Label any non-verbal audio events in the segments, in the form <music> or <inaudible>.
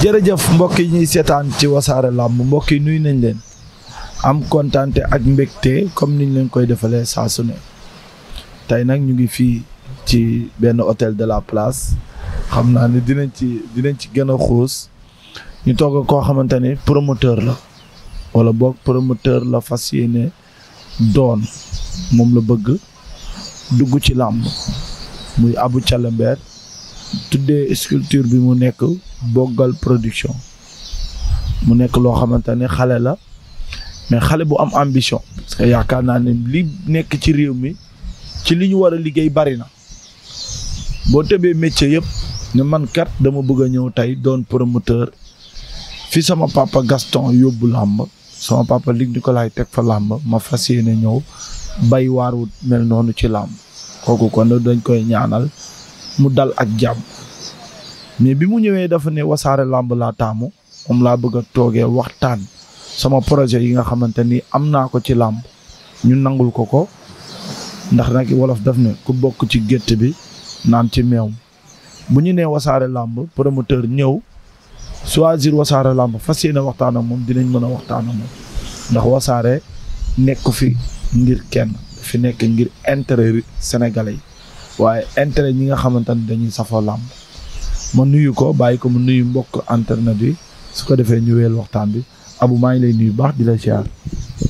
jërëjëf mbokk yi ñuy seetaan ci wasaare làmb mbokk yi nuyu nañ leen am kontaante ak mbégte comme niñ leen koy defalee saa su ne tey nag ñu ngi fii ci benn hôtel de la place xam naa ni dinañ ci dinañ ci gën a xuus ñu togg koo xamante ni promoteur la wala boog promoteur la fas yéene doon moom la bëgg dugg ci làmb muy abu Thialamber tuddee sculture bi mu nekk boggal production mu nekk loo xamante ne xale la mais xale bu am ambition parce yaakaar naa ne li nekk ci réew mi ci li ñu war a liggéey bari na boo tëbee métier yëpp ne man kat dama bëgg a ñëw tey doon promoteur fi sama papa Gaston yóbbu làmb sama papa Luc Nicolaï teg fa làmb ma fas yéene ñëw bay waar mel noonu ci làmb kooku kon dañ koy ñaanal mu dal ak jàmm mais bi mu ñëwee dafa ne wasaare làmb laa taamu moom laa bëgg a toogee waxtaan sama projet yi nga xamante ni am naa ko ci làmb ñu nangul ko ko ndax nag wolof daf ne ku bokk ci gétt bi naan ci meew bu ñu nee wasaare làmb promoteur ñëw choisir wasaare làmb fas yéene waxtaan ak moom dinañ mën a waxtaan moom ndax wasaare nekk fi ngir kenn fi nekk ngir intérêt sénégalais yi waaye intérêt ñi nga xamante ne dañuy safoo làmb ma nuyu ko bàyyi ko mu nuyu mbokk internet bi su ko defee ñu weel waxtaan bi abu maa ngi lay nuyu baax di la ziar.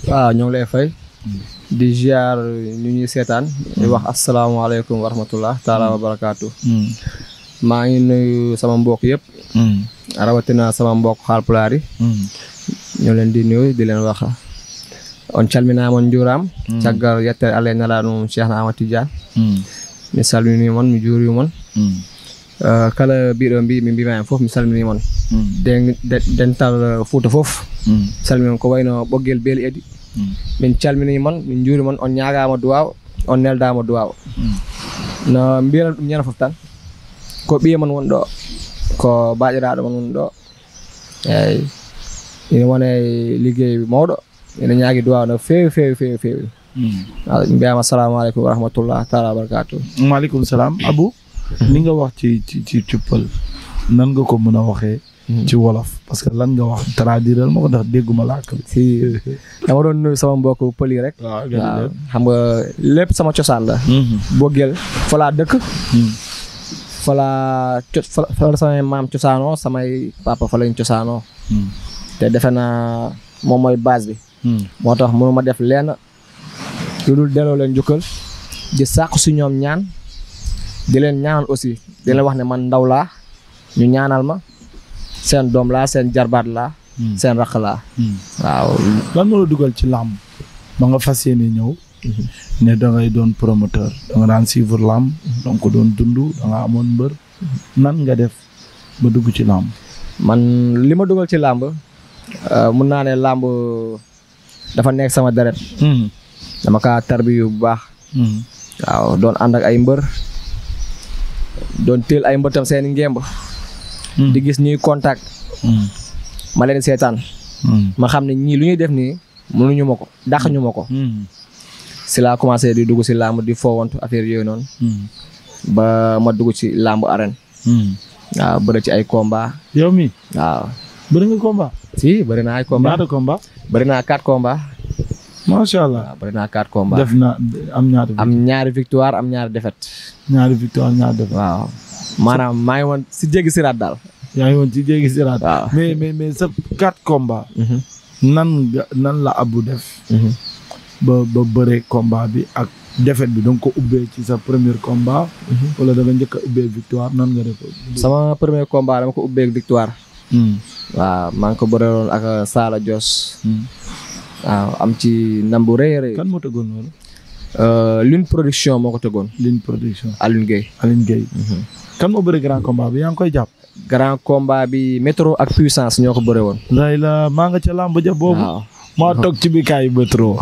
waaw ñoo lay fay. Hmm. di ziar ñu ñuy seetaan. di hmm. wax asalaamaaleykum wa rahmatullah taala wa barakaatu. Hmm. maa ngi nuyu sama mbokk yëpp. rawatina sama mbokk Haalpulaar yi. ñoo leen di nuyu di leen wax. on calminaama njuuraam. caggal yettere alay nalaanum Cheikh na Amati Dia. mi salminimon mi juurimon hmm. ah, kala mbiɗo mbi mi mbima hen foof mi salminimon hmm. dental uh, fouta foof hmm. salminimon ko wayno ɓoggel beeli adi min calminimon min juurimon on ñagama duwaw on neldama duwaw no mbiyanon ɗum ñana foof tan ko ɓiya mon woni ɗo ko baƴiraɗo mon woni ɗo eyyi ina wona e liggey mawɗo ene ñaagui no fewi fewi fewi waaw mbiyaam asalaamaaleykum wa rahmatullah taala wa barakaatu maaleykum salaam Abu li nga wax ci ci ci ci pël nan nga ko mën a waxee hmm. ci wolof parce que lan nga wax traduiral ma ko ndax dégguma làkk bi si dama doon nuyu sama mbokk pël yi rek xam nga lépp sama cosaan la hmm. Boguel hmm. samay maam cosaanoo samay papa fa lañ cosaanoo te defe naa moom mooy base bi moo tax mënuma def lenn lu dul delloo leen njukkal di sàq si ñoom ñaan di leen ñaanal aussi di leen wax ne man ndaw laa ñu ñaanal ma seen doom laa seen jarbaat laa. Hmm. seen raq laa. Hmm. waaw. lan moo la dugal ci làmb ba nga fas yéene ñëw. Mhm. ne da doon promoteur da nga daan suivre mhm. doon dund da amoon mbër. Mhm. nan nga def ba dugg ci làmb. man li ma dugal ci làmb. Euh, mun naa ne làmb dafa nekk sama deret. Hmm. dama kaa tarbiyu bu baax. Hmm. waaw doon ànd ay mbër doon teel ay mbër tam seen ngemb hmm. di gis ñuy kontak hmm. ma leen seetaan. ma xam ne ñii lu ñuy def nii mënuñu ma ko dàq ñu ma ko. si laa commencé di dugg si làmb di foowantu affaire yooyu noonu. ba ma dugg ci làmb arène. waaw bëri ci ay combat yow mi waaw bëri nga combat. si bëri naa ay combat ñaata naa quatre combat. macha allah waaw bëri naa quatre combats. def na am ñaari. am ñaari victoire am ñaari défaite. ñaari victoire ñaari défaite. waaw maanaam maa ngi woon si jéggi siraat daal. yaa ngi woon si jéggi siraat. waaw mais mais mais sa quatre combats. Mhm. nan nan la abu def. Mhm. ba ba bëree combat bi ak défaite bi donc ko ubbee ci sa premier combat. Mhm. wala da nga njëkk a ubbee victoire nan nga def. sama premier combat dama ko ubbee victoire. Hmm. waaw maa ngi ko bëreeloon ak Saala Dios. Hmm. waaw am ci nam bu rëy a kan moo tëggoon loolu. Euh, Lune production moo ko tëggoon. Lune production Alioune Gueye. Alioune Gueye. Mhm. kan moo bëri grand combat bi yaa ngi koy jàpp. grand combat bi métro ak puissance ñoo ko bëre woon. lay la maa nga ca làmb ja boobu. maa toog ci bi kaay métro.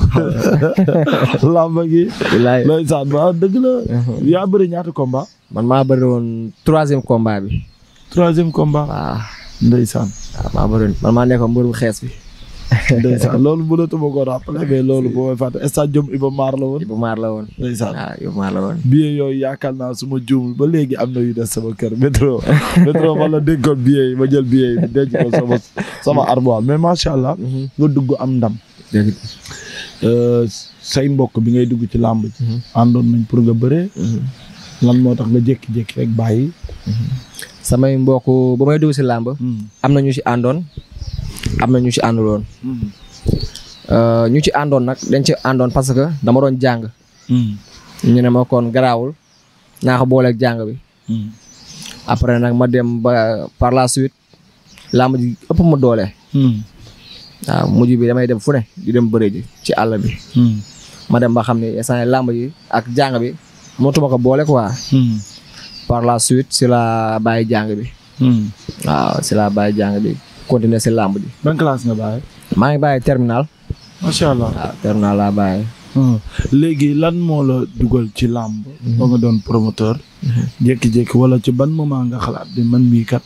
<laughs> làmb gi. bilaay saan ba dëgg la. Mhm. yaa bëri ñaata combat. man maa bëri woon troisième combat bi. troisième combat. waaw ndeysaan. waaw maa bëri man maa nekkoon mbër bu xees bi. <laughs> ndeysaan loolu mënatuma ko rappelé mais loolu boo may fàtte stade Jom Iba Mar la woon. Iba Mar la woon. ndeysaan ah, yooyu yaakaar naa su ma juumul ba léegi am na yu des sama kër métro <laughs> métro man la déggoon billet yi ma jël billet yi denc ko sama sama mm-hmm. armoire mais macha allah. Mm-hmm. nga dugg am ndam. Euh, say mbokk bi ngay dugg ci làmb ji. Mm-hmm. nañ pour nga bëree. lan moo tax nga jékki-jékki rek bàyyi. samay mbokk ba may dugg si làmb. Mm. am na ñu si àndoon. am na ñu ci ànduloon. Euh, ñu ci àndoon nag dañ ci àndoon parce que dama doon jàng. Hmm. ñu ne ma kon garaawul naa ko booleeg jàng bi. Hmm. après nag ma dem ba par la suite laa ëpp mu doole. Hmm. waaw mujj bi damay dem fu ne di dem bëre ci àll bi. ma dem ba xam ne instant làmb ji ak jàng bi mootuma ko boole quoi. par la suite si la bàyyi jàng bi. waaw si la bàyyi jàng bi. continuer si làmb ji. ban classe nga bàyyi. maa ngi bàyyi terminal. macha allah waaw terminal laa bàyyi. Hmm. léegi lan moo la dugal ci làmb. Hmm. ba nga doon promoteur. Hmm. jékki-jékki wala ci ban moment nga xalaat di man mii kat.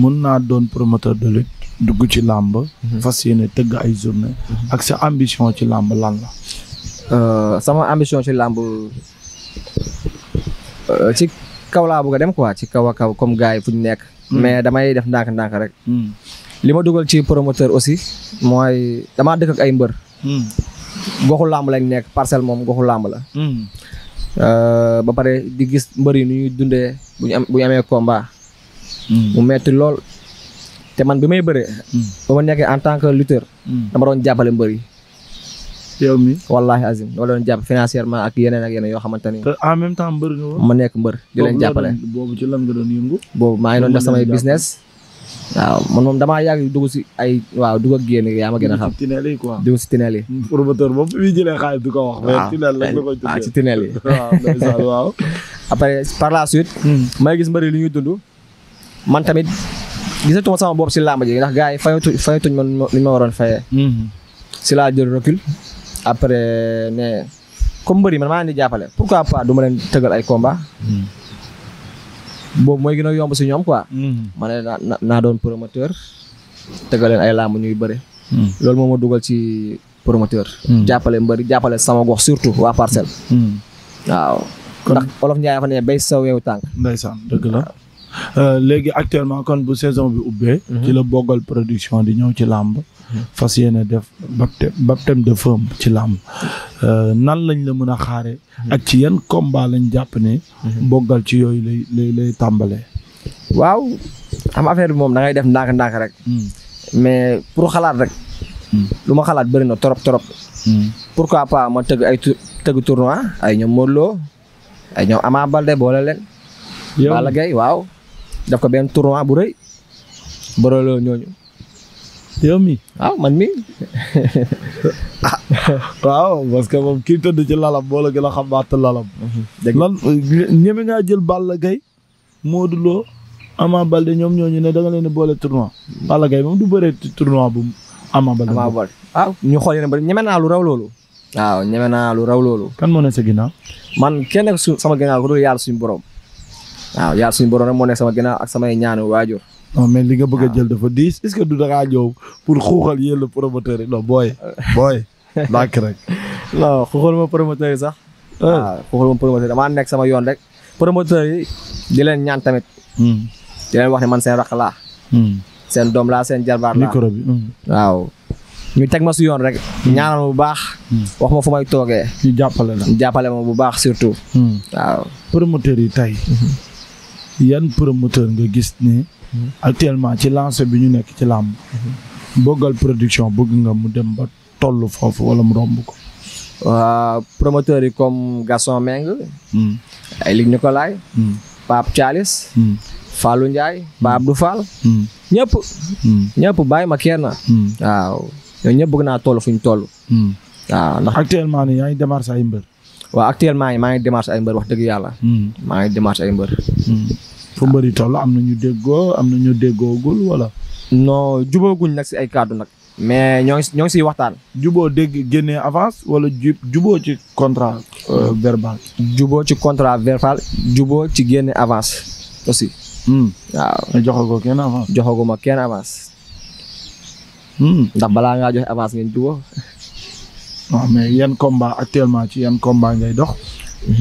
mën naa doon promoteur de lutte. dugg ci làmb. fas yéene tëgg ay journée. ak si ambition ci làmb lan la. Euh, sama ambition ci làmb euh, ci kaw laa bëgg a dem waa ci kaw a kaw comme gars yi fu ñu nekk. Hmm. mais damay def ndànk-ndànk rek. Hmm. li ma dugal ci promoteur aussi mooy damaa dëkk ak ay mbër. Hmm. goxu làmb lañ nekk parcelle moom goxu làmb la. Euh, ba pare di gis mbër yi nu ñuy dundee bu ñu am bu amee combat. mu metti lool te man bi may bëree. ba ma nekkee en tant que lutteur. dama doon jàppale mbër yi. yow mi wallahi azim ñoo leen jàpp ak yeneen ak yeneen yoo xamante ni en même temps mbër nga ma nekk mbër di leen jàppale boobu ci lan nga doon yëngu boobu maa business waaw man moom damaa yàgg dugg si ay waaw dugg ak génn yaa a xam tineel yi si tineel yi mm, promoteur moom fi jëlee xaalis du ko wax mais tineel la ko tuddee ci tineel yi <laughs> waaw waaw <laughs> après par la suite mm. may gis mbëri li ñuy man tamit gisatuma sama bopp si la ji ndax gars yi fayatuñ fayatuñ man li ma waroon fayee mm. si laa jël recul après ne comme mbëri man maa leen di jàppale pourquoi pas du ma leen tëgal ay combat mooy gën a yomb si ñoom quoi. Mm-hmm. ma naa naa doon promoteur tëgal leen ay làmb ñuy bëre. Mm-hmm. loolu moo ma dugal ci promoteur. Mm-hmm. jàppale mbëri jàppale sama gox surtout waa parcelle. waaw ndax olof Ndiaye fa ne bay saw weewu tànk. ndeysaan dëgg Euh, léegi actuellement kon bu saison bi ubbee. Mhm. ci la boggal production di ñëw ci làmb. Mhm. fas yéene def baptême baptême de feu ci làmb. Euh, nan lañ la mën a xaare mhm. ak ci yan combat lañ jàpp ni boggal ci yooyu lay lay lay tàmbalee. waaw am affaire bi moom da ngay def ndànk-ndànk rek. Hmm. mais pour xalaat rek. Hmm. lu ma xalaat bëri na trop trop. Hmm. pourquoi pas ma tëgg ay tëgg tournoi ay ñoom Modou Lo ay ñoom Ama Baldé boole leen. yow Balla Gaye waaw. def ko benn tournoi bu rëy bëreloo ñooñu. yow mi ah, man mi <laughs> ah. waaw parce que moom kii tëdd ci lalam boo la gën a xam baat lalam. lan ñeme ngaa jël Balla Gaye Modou Lo Ama Balde ñoom ñooñu ne da nga leen boole tournoi. Balla Gaye moom du bëree tournoi bu Ama Balde. Ama Balde ah ñu xool yéen ba ñeme naa lu raw loolu. waaw ñeme naa lu raw loolu. kan moo ne sa ginnaaw. man kenn ku sama ginnaaw ku dul yàlla suñu borom. waaw yàlla suñu borom rek moo nekk sama ginnaaw ak samay ñaanu waajur. non mais li nga bëgg a jël dafa diis est-ce que du dangaa ñëw pour xuuxal yéen la yi non booy. booy ndànk <laughs> rek. non xuuxal ma promoteur yi sax. Euh. xuuxal ma promoteur damaa nekk sama yoon rek. promoteur yi di leen ñaan tamit. Hmm. di leen wax ne man seen rakk laa. Hmm. seen doom laa seen jarbaar laa bi. Hmm. waaw ñu teg ma si yoon rek. ñaanal bu baax. wax ma fu may toogee. ñu jàppale la ñu jàppale ma bu baax surtout. waaw promoteurs yi tey. yan promoteur nga gis ni actuellement ci lancé bi ñu nekk ci làmb Bogal production bëgg nga mu dem ba toll foofu wala mu romb ko waa promoteurs yi comme Gaston Meng ay Luc Nicolaï hmm. Pape Thialis hmm. Fallou Ndiaye ba Abdou Fall hmm. ñëpp ñëpp bàyyi ma kenn waaw ñëpp bëgg naa toll fu ñu toll waaw ndax actuellement ni ngi démarré ay mbër waaw actuellement maa ngi démarché ay mbër wax dëgg yàlla. Hmm. maa ngi démarché ay mbër. Hmm. fu mbër yi am na ñu déggoo am na ñu déggoogul wala. non jubóoguñ nag si ay kàddu nag. mais ñoo ngi ñoo ngi siy waxtaan. juboo dégg génnee avance wala ju juboo euh, ci contrat verbal. juboo ci contrat verbal. juboo ci génne avance aussi. Hmm. waaw joxagoo kenn avance. joxaguma kenn avance. ndax balaa ngaa joxe avance ngeen juboo waaw mais yan combat actuellement ci yan combat ngay dox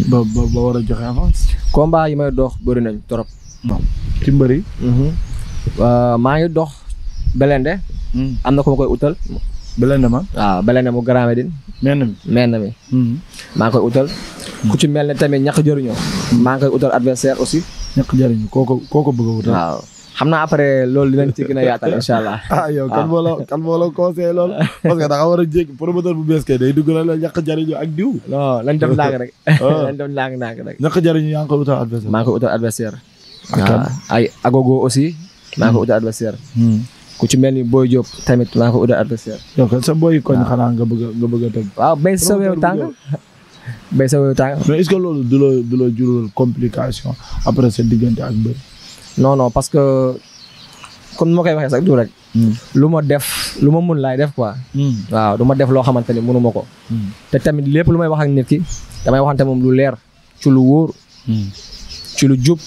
ba ba war a joxe avance. combat yi may dox bëri nañ trop. waaw ci mbëri. Mhm. Euh, maa ngi dox Belende. Hmm. am na ko ma koy utal. Belende ma waaw Belende mu Grand Médine. menn mi menn mi. Hmm. maa ngi koy utal. ku ci mel ne tamit ñaq jëriñoo. maa ngi koy utal adversaire aussi. ñàkk jëriñu koo ko koo ko bëgg utal. waaw. xam naa après loolu dinañ ci gën a yaatal incha allah. <laughs> ah yow kan ah. moo la kan moo loolu <laughs> parce a bu bees kay day dugg la la ñàkk jariñu ak diw. <laughs> non lañ def laag rek. Ah. lañ def laag naag rek. ñàkk jariñu yaa ngi koy utal adversaire. maa utal adversaire. Ah. ay agogo aussi. maa ngi hmm. ku ci mel ni Boy Diop tamit maa ngi koy utal adversaire. yow kon sa boy koñ xanaa nga a nga bëgg a teg. waaw béy sa weewu tànk sa weewu tànk. mais est loolu du la complication après sa diggante ak mbër non non parce que comme ni ma koy waxee sax du rek. Hmm. lu ma def lu ma mun laay def quoi. Hmm. waaw du ma def loo xamante ni mënu ma ko. Hmm. te tamit lépp lu may wax ak nit ki damay waxante moom lu leer ci lu wóor. ci lu jub.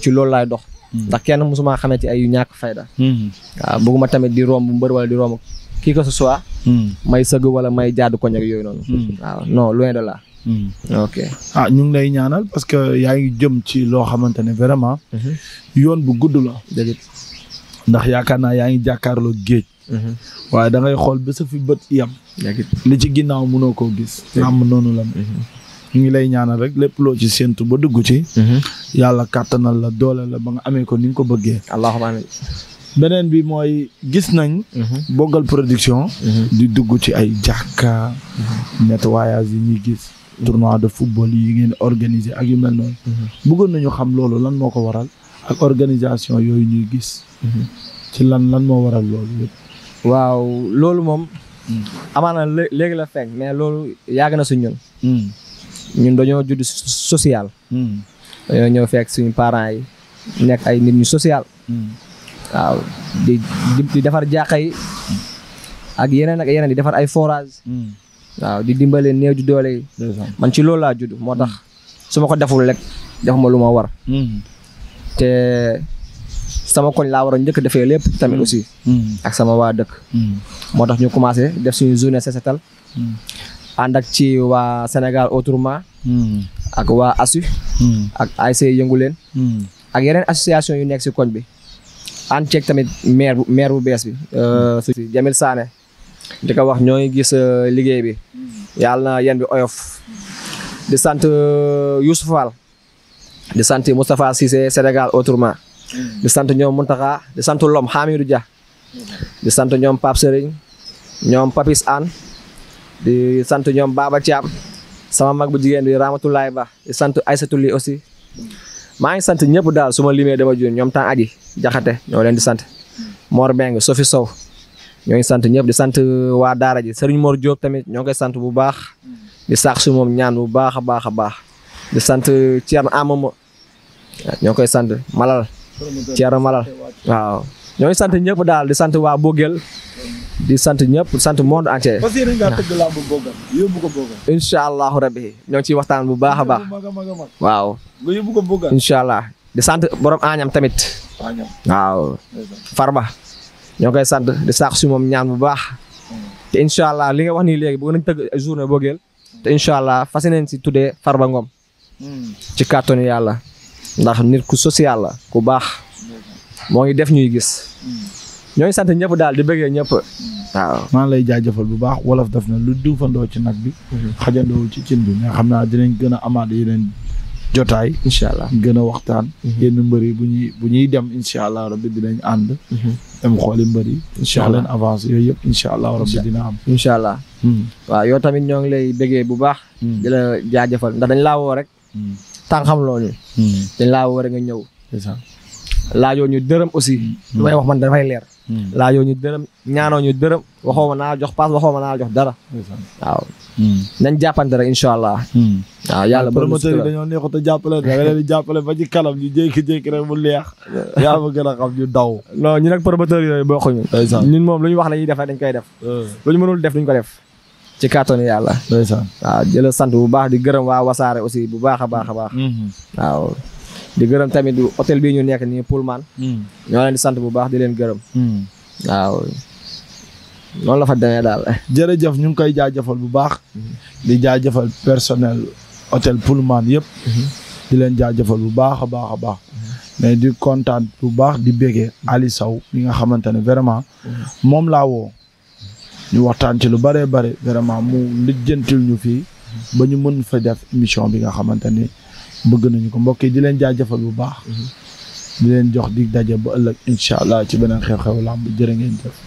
ci loolu laay dox. ndax kenn mësuma xamee ci ay yu ñàkk fayda. waaw bëgguma tamit di room mu mbër wala di romb kii que ce may sëgg wala may jaadu koñ ak yooyu noonu. waaw non de là. Hmm. ok ah ñu ngi lay ñaanal parce que yaa ngi jëm ci loo xamante ne vraiment. Mhm. yoon bu gudd la. ndax yaakaar naa yaa ngi jàkkaarloo géej. Mhm. waaye da xool ba sa fi bët yam. li ci ginnaaw mënoo koo gis. làmb noonu la. Mhm. ñu ngi lay ñaanal rek lépp loo ci séentu ba dugg ci. yàlla kàttanal la doole la ba nga amee ko ni nga ko bëggee. allahumma amiin. beneen bi mooy gis nañ. Bogal production. di dugg ci ay jàkka. nettoyage yi ñuy gis. tournoi de football yi ngeen organiser ak yu mel noonu. Mhm. bëggoon nañu xam loolu lan moo ko waral ak organisation yooyu ñu gis. Mhm. ci lan lan moo waral loolu. waaw loolu moom. Hmm. amaana léegi la fekk mais loolu yàgg na su ñun. Hmm. ñun dañoo judd social. Hmm. dañoo ñëw fekk suñu parent yi nekk ay nit ñu social. waaw di defar jàkka yi. ak yeneen ak yeneen di defar ay forage waaw di dimbale néew di doole yi. man ci loolu laa judd moo tax su ma ko deful rek def ma lu ma war. Hmm. te sama koñ laa war a njëkk defee lépp tamit hmm. aussi. Hmm. ak sama waa dëkk. moo tax ñu commencé def suñu journée sesetal. ànd ak ci waa Sénégal autrement. ak waa ASU. ak ASC yënguleen ak yeneen association yu nekk si koñ bi. ànd ceeg tamit maire bu maire bu bees bi. Euh, su Jamil Sané. di ko wax ñoo ngi gis euh, liggéey bi mm-hmm. yàlla na yen bi oyof mm-hmm. di sant euh, Youssouf di sant Moustapha Cissé Sénégal autrement mm-hmm. di sant ñoom Mountakha di sant Lom Hamidou Dia di sant ñoom Pape ñoom Papis Anne di sant ñoom Baba Thiam sama mag bu jigéen bi ramatulaay Ba di sant Aïssatou Ly aussi maa ngi sant ñëpp daal suma ma limee dama jun ñoom temps aji jaxate ñoo leen di sant Mor Beng Sofi Sow ñoo ngi sant ñëpp di sant waa daara ji Serigne Mor Diop tamit ñoo ngi koy sant bu baax di saax si moom ñaan bu baax a baax a baax di sant Thierno Amama koy sant Malal Thierno Malal waaw ñoo ngi sant ñëpp daal di sant waa Bogel di sant ñëpp sant monde entier. parce que nga ñoo ciy waxtaan bu baax a baax. waaw. nga allah di sant borom Añam tamit. waaw. Farba. ñoo koy sant di saax si moom ñaan bu baax te incha allah li nga wax nii léegi bëgg nañ tëgg journée boogeel te incha allah fas nañ si tuddee Farba Ngom ci kàttanu yàlla ndax nit ku social la ku baax moo ngi def ñuy gis ñoo ngi sant ñëpp daal di bëggee ñëpp waaw maa ngi lay jaajëfal bu baax wolof def na lu duufandoo ci nag bi mhm. xajandoo ci cin bi mais xam naa dinañ gën a amaat yeneen jotaay incha allah gën a waxtaan mhm. yenn mbër yi bu ñuy bu ñuy dem incha allah rabbi dinañ ànd mhm. dem xooli mbër yi incha allah leen yooyu yëpp incha allah rabbi dina am incha allah hmm. waaw yow tamit ñoo ngi lay bëggee bu baax hmm. di la jaajëfal ndax dañ laa woo rek hmm. tànxam loolu dañ laa woo nga ñëw laajoo ñu dërëm aussi lu may wax man dafay leer Hmm. laajoo ñu dërëm ñaanoo ñu dërëm waxoo ma naa jox paas waxoo ma naa jox dara. waaw. Hmm. nañ jàppante rek incha allah. Hmm. waaw yàlla promoteur yi dañoo neexut a jàppale da jàppale ba ci kanam ñu jékki-jékki rek mu leex. <laughs> yaa ma gën a xam ñu daw. non ñun ak promoteur yooyu bokkuñu. ñun moom lu ñu wax la ñuy def rek dañ koy def. lu ñu mënul def duñ ko def. ci kàttanu yàlla. waaw jëla sant bu baax di gërëm waa wasaare aussi bu baax a baax a baax. waaw. di gërëm tamit hôtel bii ñu nekk nii Pullman. Hmm. ñoo leen di sant bu baax di leen gërëm. Hmm. waaw noonu la fa demee daal. jërëjëf ñu ngi koy jëfal bu baax. Hmm. di jaajëfal personnel hôtel Pullman yëpp. di leen jaajëfal bu baax a baax a baax. mais di kontaan bu baax di béggee Ali Sow mi nga xamante ne vraiment. moom laa woo. ñu waxtaan ci lu bëree bëri vraiment mu lijjantil ñu fii. ba ñu mën fa def émission bi nga xamante ni. bëgg nañu ko mbokk yi di leen jaajëfal bu baax. Mhm. di leen jox dig daje ba ëllëg incha allah ci beneen xew-xew làmb jërë ngeen